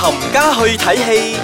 冚家去睇戲，啊、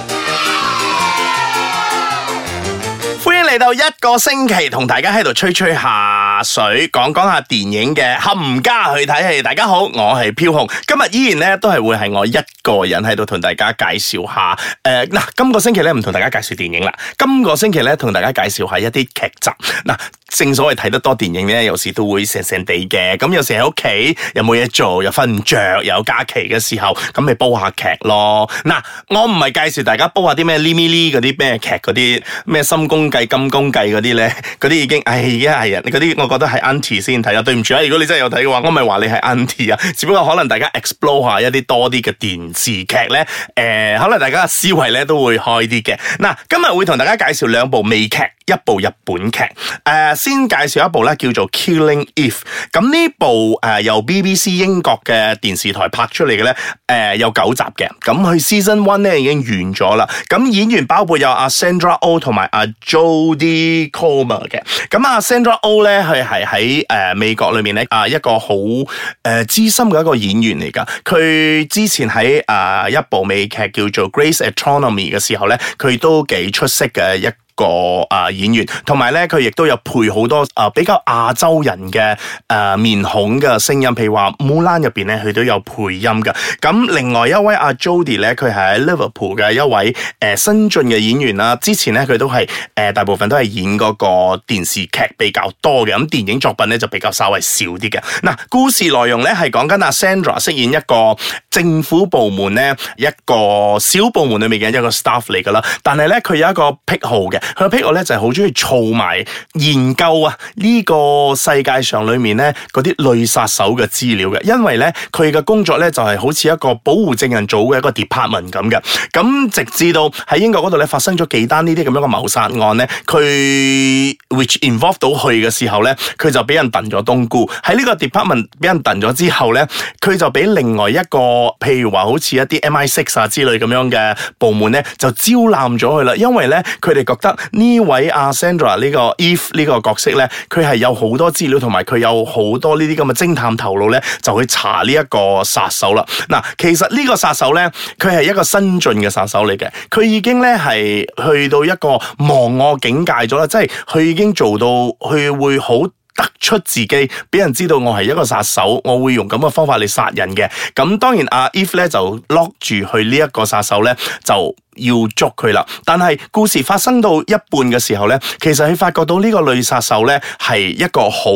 歡迎嚟到一個星期，同大家喺度吹吹下。阿水講講下電影嘅，冚家去睇戲。大家好，我係飄紅，今日依然咧都係會係我一個人喺度同大家介紹下。誒，嗱，今個星期咧唔同大家介紹電影啦，今個星期咧同大家介紹下一啲劇集。嗱，正所謂睇得多電影咧，有時都會成成地嘅。咁有時喺屋企又冇嘢做，又瞓唔着，又有假期嘅時候，咁咪煲下劇咯。嗱，我唔係介紹大家煲下啲咩哩哩嗰啲咩劇嗰啲咩心公計、金公計嗰啲咧，嗰啲已經，唉，而家係啊，你嗰啲我。我覺得係 Auntie 先睇啦，對唔住啊，如果你真係有睇嘅話，我咪話你係 Auntie 啊，只不過可能大家 explore 一下一啲多啲嘅電視劇呢、呃，可能大家嘅思維呢都會開啲嘅。嗱，今日會同大家介紹兩部美劇。一部日本劇，誒，先介紹一部咧，叫做《Killing Eve》。咁呢部誒由 BBC 英國嘅電視台拍出嚟嘅咧，誒有九集嘅。咁佢 Season One 咧已經完咗啦。咁演員包括有阿、er、Sandra Oh 同埋阿 Jodie Comer 嘅。咁阿 Sandra Oh 呢，咧佢係喺誒美國裏面咧啊一個好誒資深嘅一個演員嚟噶。佢之前喺啊一部美劇叫做《Grey's Anatomy》嘅時候咧，佢都幾出色嘅一。個啊演員，同埋咧佢亦都有配好多啊比較亞洲人嘅誒面孔嘅聲音，譬如話《Mulan》入邊咧，佢都有配音噶。咁另外一位阿 Jody 咧，佢係喺 Liverpool 嘅一位誒新晉嘅演員啦。之前咧佢都係誒大部分都係演嗰個電視劇比較多嘅，咁電影作品咧就比較稍微少啲嘅。嗱，故事內容咧係講緊阿 Sandra 飾演一個政府部門咧一個小部門裏面嘅一個 staff 嚟噶啦，但係咧佢有一個癖好嘅。佢 p 個癖惡咧就係好中意儲埋研究啊呢個世界上裏面咧嗰啲女殺手嘅資料嘅，因為咧佢嘅工作咧就係好似一個保護證人組嘅一個 department 咁嘅。咁直至到喺英國嗰度咧發生咗幾單呢啲咁樣嘅謀殺案咧，佢 which involve 到佢嘅時候咧，佢就俾人燉咗冬菇喺呢個 department 俾人燉咗之後咧，佢就俾另外一個譬如話好似一啲 MI6 啊之類咁樣嘅部門咧就招攬咗佢啦，因為咧佢哋覺得。呢位阿 Sandra 呢個 Eve 呢個角色呢，佢係有好多資料，同埋佢有好多呢啲咁嘅偵探頭腦呢，就去查呢一個殺手啦。嗱，其實呢個殺手呢，佢係一個新晉嘅殺手嚟嘅，佢已經呢係去到一個忘我境界咗啦，即係佢已經做到，佢會好突出自己，俾人知道我係一個殺手，我會用咁嘅方法嚟殺人嘅。咁當然阿 Eve 呢就 lock 住佢呢一個殺手呢。就。要捉佢啦，但係故事發生到一半嘅時候呢，其實佢發覺到呢個女殺手呢係一個好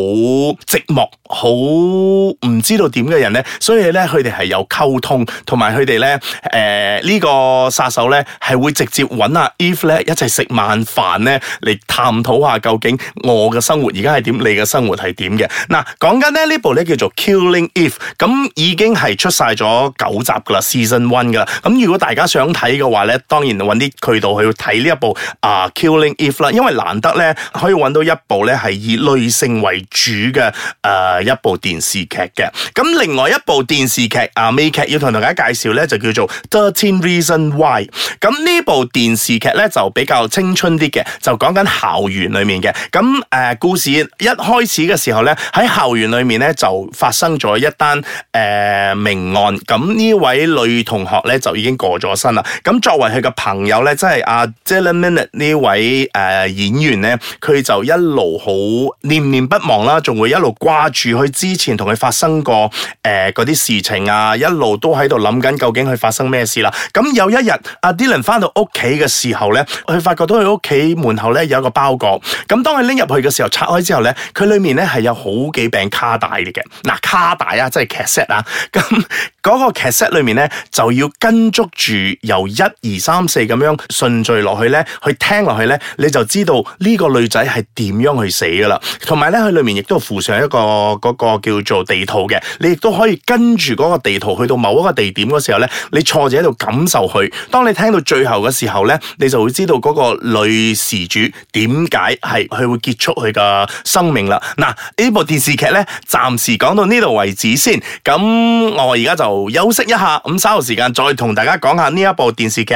寂寞、好唔知道點嘅人呢。所以呢，佢哋係有溝通，同埋佢哋呢，誒、呃、呢個殺手呢係會直接揾阿 Eve 咧一齊食晚飯呢嚟探討下究竟我嘅生活而家係點，你嘅生活係點嘅。嗱，講緊呢部呢叫做《Killing Eve》，咁已經係出晒咗九集噶啦，Season One 噶啦。咁如果大家想睇嘅話呢。當然揾啲渠道去睇呢一部啊《uh, Killing Eve 啦，因為難得咧可以揾到一部咧係以女性為主嘅，誒、uh, 一部電視劇嘅。咁另外一部電視劇啊美劇，uh, 要同大家介紹咧就叫做《Thirteen Reasons Why》。嗯。咁呢部電視劇咧就比較青春啲嘅，就講緊校園裏面嘅。咁、嗯、誒故事一開始嘅時候咧喺校園裏面咧就發生咗一單誒命案，咁、嗯、呢位女同學咧就已經過咗身啦。咁、嗯、作為嘅朋友咧，即係阿 Dylan Minnette 呢位誒演員咧，佢就一路好念念不忘啦，仲會一路掛住佢之前同佢發生過誒啲、呃、事情啊，一路都喺度諗緊究竟佢發生咩事啦。咁有一日阿 Dylan 翻到屋企嘅時候咧，佢發覺到佢屋企門口咧有一個包裹，咁當佢拎入去嘅時候拆開之後咧，佢裏面咧係有好幾餅卡帶嚟嘅。嗱，卡帶啊，即係 cassette 啊，咁嗰個 cassette 裏面咧就要跟足住由一二。三四咁樣順序落去咧，去聽落去咧，你就知道呢個女仔係點樣去死噶啦。同埋咧，佢裏面亦都附上一個嗰個叫做地圖嘅，你亦都可以跟住嗰個地圖去到某一個地點嘅時候咧，你坐住喺度感受佢。當你聽到最後嘅時候咧，你就會知道嗰個女事主點解係佢會結束佢嘅生命啦。嗱，呢部電視劇咧，暫時講到呢度為止先。咁我而家就休息一下，咁稍後時間再同大家講下呢一部電視劇。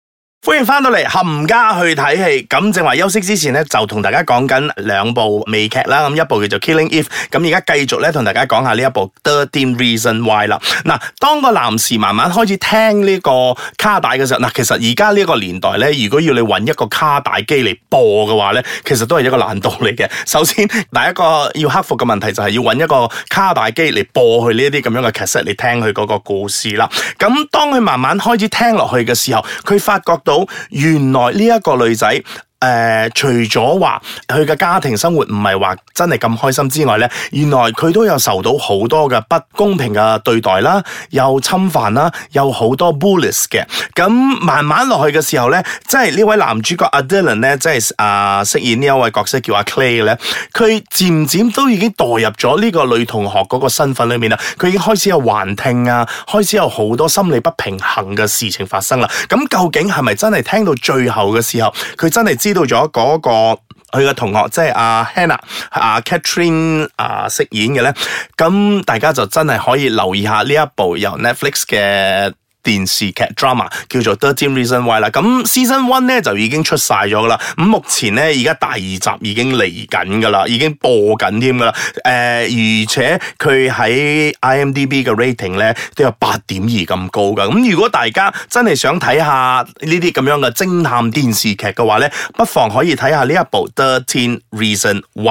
歡迎翻到嚟冚家去睇戲，咁正話休息之前呢，就同大家講緊兩部美劇啦。咁一部叫做《Killing Eve》，咁而家繼續咧同大家講下呢一部《Thirteen Reasons Why》啦。嗱，當個男士慢慢開始聽呢個卡帶嘅時候，嗱，其實而家呢個年代咧，如果要你揾一個卡帶機嚟播嘅話咧，其實都係一個難度嚟嘅。首先，第一個要克服嘅問題就係要揾一個卡帶機嚟播佢呢啲咁樣嘅劇集嚟聽佢嗰個故事啦。咁當佢慢慢開始聽落去嘅時候，佢發覺到。原來呢一個女仔誒、呃，除咗話佢嘅家庭生活唔係話真係咁開心之外咧，原來佢都有受到好多嘅不公平嘅對待啦，有侵犯啦，有好多 bullies 嘅。咁慢慢落去嘅時候咧，即係呢位男主角阿 Dylan 呢咧，即係啊、呃、飾演呢一位角色叫阿 Clay 咧，佢漸漸都已經代入咗呢個女同學，嗰個身份裏面啦。佢已經開始有幻聽啊，開始有好多心理不平衡嘅事情發生啦。咁究竟係咪真係聽到最後嘅時候，佢真係知？知道咗嗰、那個佢嘅同學，即係阿 Hannah、啊、阿、啊、Katherine 啊飾演嘅咧，咁大家就真係可以留意下呢一部由 Netflix 嘅。電視劇 drama 叫做《Thirteen Reasons Why》啦，咁 Season One 咧就已經出晒咗噶啦，咁目前咧而家第二集已經嚟緊噶啦，已經播緊添噶啦，誒而且佢喺 IMDb 嘅 rating 咧都有八點二咁高噶，咁如果大家真係想睇下呢啲咁樣嘅偵探電視劇嘅話咧，不妨可以睇下呢一部《Thirteen Reasons Why》。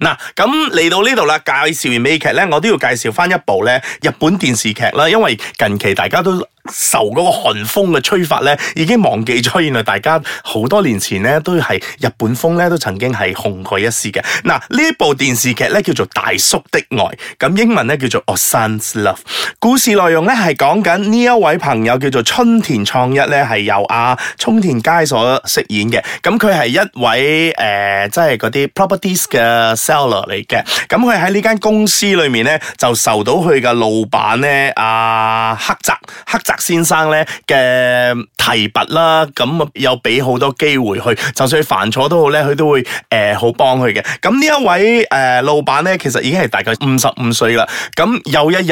嗱，咁嚟到呢度啦，介紹完美劇咧，我都要介紹翻一部咧日本電視劇啦，因為近期大家都～受嗰個韓風嘅吹拂咧，已經忘記咗。原來大家好多年前咧，都係日本風咧，都曾經係紅過一時嘅。嗱，呢一部電視劇咧叫做《大叔的愛》，咁英文咧叫做《Ossan's Love》。故事內容咧係講緊呢一位朋友叫做春田創一咧，係由阿、啊、沖田佳所飾演嘅。咁佢係一位誒，即係嗰啲 properties 嘅 seller 嚟嘅。咁佢喺呢間公司裏面咧，就受到佢嘅老闆咧阿黑澤黑澤，黑澤先生咧嘅提拔啦，咁啊有俾好多機會去，就算佢犯錯都好咧，佢都會誒好幫佢嘅。咁、呃、呢一位誒、呃、老闆咧，其實已經係大概五十五歲啦。咁有一日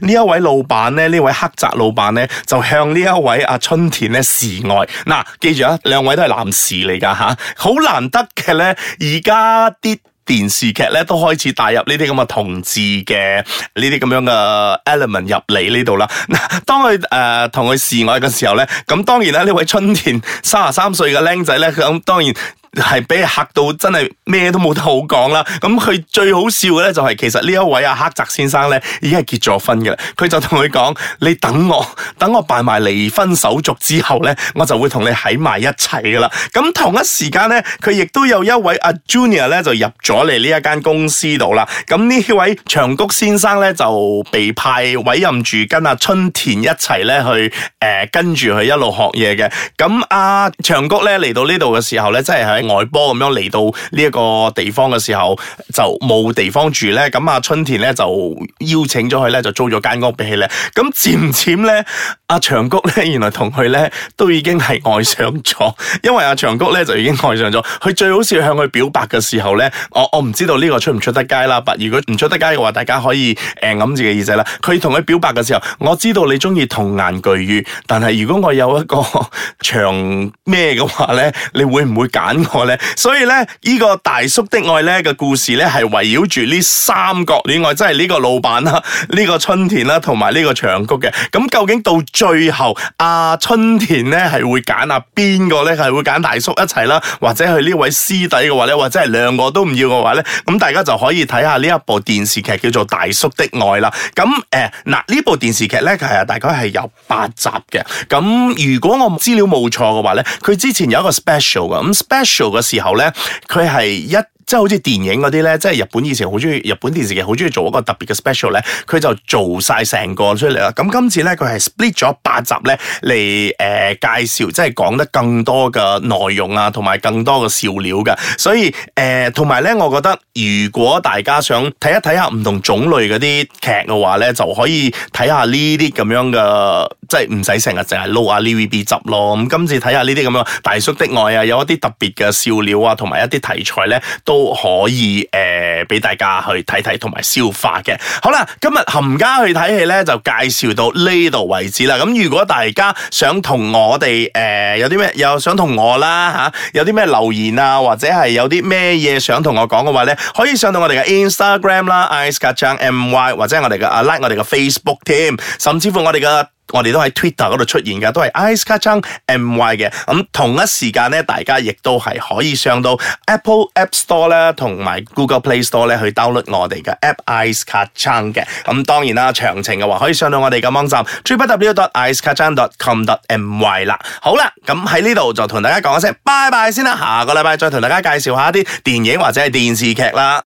呢一位老闆咧，呢位黑澤老闆咧，就向呢一位、啊、春田咧示愛。嗱，記住啊，兩位都係男士嚟噶吓，好難得嘅咧，而家啲。電視劇咧都開始帶入呢啲咁嘅同志嘅呢啲咁樣嘅 element 入嚟呢度啦。當佢誒同佢示愛嘅時候咧，咁當然啦，呢位春田三十三歲嘅僆仔咧，佢咁當然。係俾你嚇到真係咩都冇得好講啦！咁佢最好笑嘅咧就係其實呢一位阿、啊、黑澤先生咧已經係結咗婚嘅啦。佢就同佢講：你等我，等我辦埋離婚手續之後咧，我就會同你喺埋一齊噶啦。咁同一時間咧，佢亦都有一位阿、啊、Junior 咧就入咗嚟呢一間公司度啦。咁呢位長谷先生咧就被派委任住跟阿、啊、春田一齊咧去誒、呃、跟住佢一路學嘢嘅。咁阿長谷咧嚟到呢度嘅時候咧，真係喺～外波咁樣嚟到呢一個地方嘅時候，就冇地方住咧。咁啊，春田咧就邀請咗佢咧，就租咗間屋俾佢咧。咁漸漸咧，阿、啊、長谷咧原來同佢咧都已經係愛上咗，因為阿、啊、長谷咧就已經愛上咗。佢最好似向佢表白嘅時候咧，我我唔知道呢個出唔出得街啦，但如果唔出得街嘅話大家可以誒揞、呃、住個耳仔啦。佢同佢表白嘅時候，我知道你中意童顏巨乳，但係如果我有一個長咩嘅話咧，你會唔會揀？所以咧，呢、這個大叔的愛咧嘅故事咧，係圍繞住呢三角戀愛，即係呢個老闆啦、呢、這個春田啦，同埋呢個長谷嘅。咁究竟到最後，阿、啊、春田咧係會揀阿邊個咧，係會揀大叔一齊啦，或者係呢位師弟嘅話咧，或者係兩個都唔要嘅話咧，咁大家就可以睇下呢一部電視劇叫做《大叔的愛》啦。咁誒，嗱、呃、呢部電視劇咧係啊，大概係有八集嘅。咁如果我資料冇錯嘅話咧，佢之前有一個 special 嘅，咁 special。做嘅時候咧，佢係一即係好似電影嗰啲咧，即係日本以前好中意日本電視劇，好中意做一個特別嘅 special 咧，佢就做晒成個出嚟啦。咁今次咧，佢係 split 咗八集咧嚟誒介紹，即係講得更多嘅內容啊，同埋更多嘅笑料嘅。所以誒，同埋咧，我覺得如果大家想睇一睇下唔同種類嗰啲劇嘅話咧，就可以睇下呢啲咁樣嘅。即係唔使成日淨係撈啊，LVB 執咯。咁今次睇下呢啲咁樣大叔的愛啊，有一啲特別嘅笑料啊，同埋一啲題材呢，都可以誒俾、呃、大家去睇睇同埋消化嘅。好啦，今日冚家去睇戲呢，就介紹到呢度為止啦。咁如果大家想同我哋誒、呃、有啲咩又想同我啦嚇有啲咩留言啊，或者係有啲咩嘢想同我講嘅話呢，可以上到我哋嘅 Instagram 啦 i c e k a n m y 或者我哋嘅啊 like 我哋嘅 Facebook 添，甚至乎我哋嘅。我哋都喺 Twitter 嗰度出現噶，都係 Ice Kachang MY 嘅。咁同一時間呢，大家亦都係可以上到 Apple App Store 啦，同埋 Google Play Store 呢去 download 我哋嘅 App Ice Kachang 嘅。咁當然啦，詳情嘅話可以上到我哋嘅網站 www.icekachang.com.my 啦。好啦，咁喺呢度就同大家講一聲拜拜先啦，下個禮拜再同大家介紹下一啲電影或者係電視劇啦。